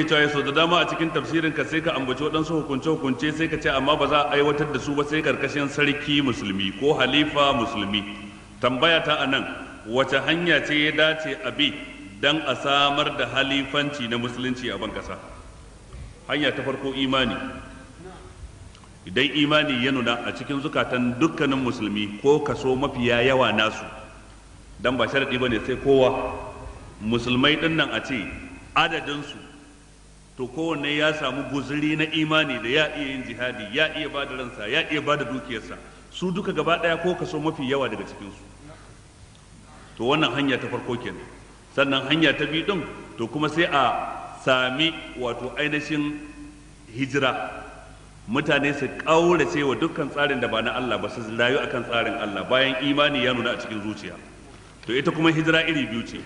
yake cewa yaso da dama a cikin tafsirin ka sai ka ambaci waɗansu hukunce hukunce sai ka ce amma ba za a aiwatar da su ba sai karkashin sarki musulmi ko halifa musulmi tambaya ta anan wace hanya ce ya dace a bi dan a samar da halifanci na musulunci a ban kasa hanya ta farko imani idan imani ya nuna a cikin zukatan dukkanin musulmi ko kaso mafiya yawa nasu dan ba sharadi bane sai kowa musulmai dinnan a ce su. to kowanne ya samu guzuri na imani da ya iya yin jihadi ya iya ba da ransa ya iya ba da dukiyarsa su duka gaba ɗaya ko kaso mafi yawa daga cikinsu to wannan hanya ta farko kenan sannan hanya ta biyu ɗin to kuma sai a sami wato ainihin hijira mutane su ƙaurace wa dukkan tsarin da ba na Allah ba su rayu akan tsarin Allah bayan imani ya nuna a cikin zuciya to ita kuma hijira iri biyu ce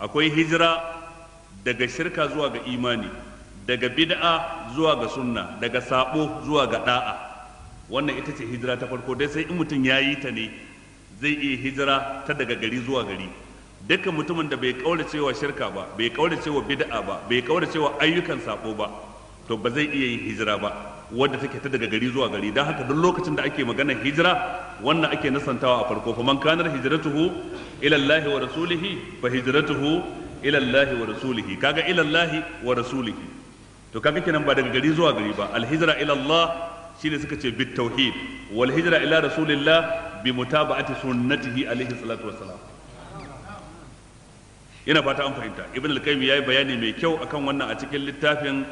akwai hijira daga shirka zuwa ga imani daga bid'a zuwa ga sunna daga sabo zuwa ga da'a wannan ita ce hijira ta farko dai sai in mutum ya yi ta ne zai iya hijira ta daga gari zuwa gari dukkan mutumin da bai kaura cewa shirka ba bai kaura cewa bid'a ba bai kaura cewa ayyukan sabo ba to ba zai iya yin hijira ba wadda take ta daga gari zuwa gari don haka duk lokacin da ake magana hijira wannan ake nasantawa a farko fa man kanar hijratuhu ila Allah wa rasulihi fa hijratuhu ila Allah wa rasulihi kaga ila Allah wa rasulihi to kaga kenan ba daga gari zuwa gari ba alhijra ila Allah shine suka ce bit tauhid wal hijra ila rasulillah bi mutaba'ati sunnatihi alaihi salatu wassalam ina fata an fahimta ibn al-qayyim yayi bayani mai kyau akan wannan a cikin littafin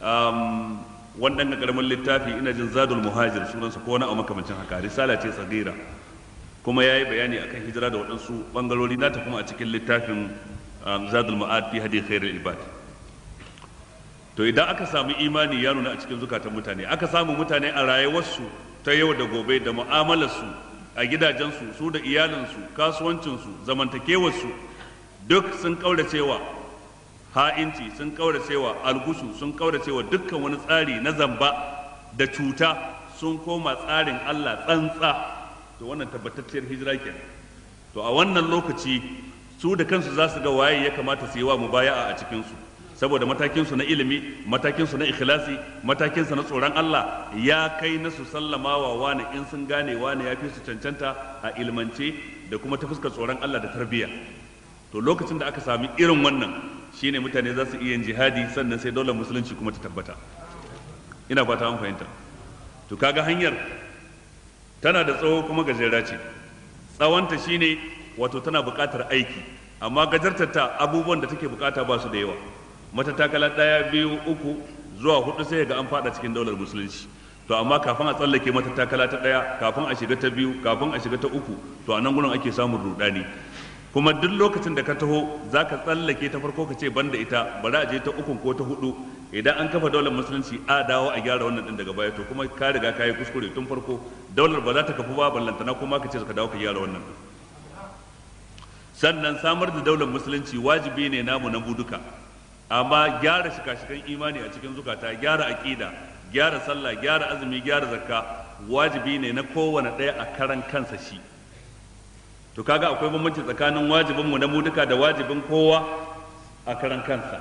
um, wannan karamin littafi ina jin zadul muhajir sunansa ko wani a makamancin haka risala ce tsagira kuma ya yi bayani akan hijira da waɗansu bangarori nata kuma a cikin littafin um, zadul ma'ad fi hadi khairul ibad to idan aka samu imani ya nuna a cikin zukatan mutane aka samu mutane a rayuwarsu ta yau da gobe da mu'amalarsu a gidajensu su da iyalinsu kasuwancinsu zamantakewarsu duk sun kauracewa ha'inci sun kauracewa algusu sun kauracewa dukkan wani tsari na zamba da cuta sun koma tsarin Allah tsantsa to wannan tabbatacciyar hijira kenan to a wannan lokaci su da kansu za su ga waye ya kamata su yi wa mubaya'a a cikinsu saboda matakinsu na ilimi matakinsu na ikhlasi matakinsu na tsoron Allah ya kai na su sallama wa wani in sun gane wani ya fi su cancanta a ilmance da kuma ta fuskar tsoron Allah da tarbiyya to lokacin da aka sami irin wannan shine mutane za su iya jihadi sannan sai dole musulunci kuma ta tabbata ina fata an fahimta to kaga hanyar tana da tsawo kuma gajera ce tsawonta shine wato tana buƙatar aiki amma gajartar ta abubuwan da take bukata ba su da yawa matattakala ɗaya biyu uku zuwa hudu sai ga an fada cikin daular musulunci to amma kafin a tsallake matattakala ta ɗaya kafin a shiga ta biyu kafin a shiga ta uku to a nan gurin ake samun rudani kuma duk lokacin da ka taho za ka tsallake ta farko ka ce banda ita bari a je ta uku ko ta hudu idan an kafa daular musulunci a dawo a gyara wannan din daga baya to kuma ka riga ka yi kuskure tun farko daular ba za ta kafu ba ballantana kuma ka ce ka dawo ka gyara wannan sannan samar da daular musulunci wajibi ne namu na buduka amma gyara shikashikan imani a cikin zukata gyara aƙida gyara sallah gyara azumi gyara zakka wajibi ne na kowane ɗaya a karan kansa shi to kaga akwai bambanci tsakanin wajibin mu na mu duka da wajibin kowa a karan kansa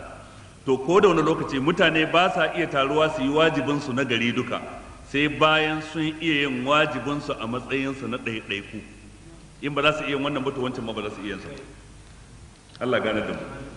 to ko da wani lokaci mutane ba sa iya taruwa su yi wajibin su na gari duka sai bayan sun iya yin wajibin su a matsayin su na ɗaiɗaiku in ba za su iya wannan ba to wancan ma ba za su iya yin sa Allah gane da mu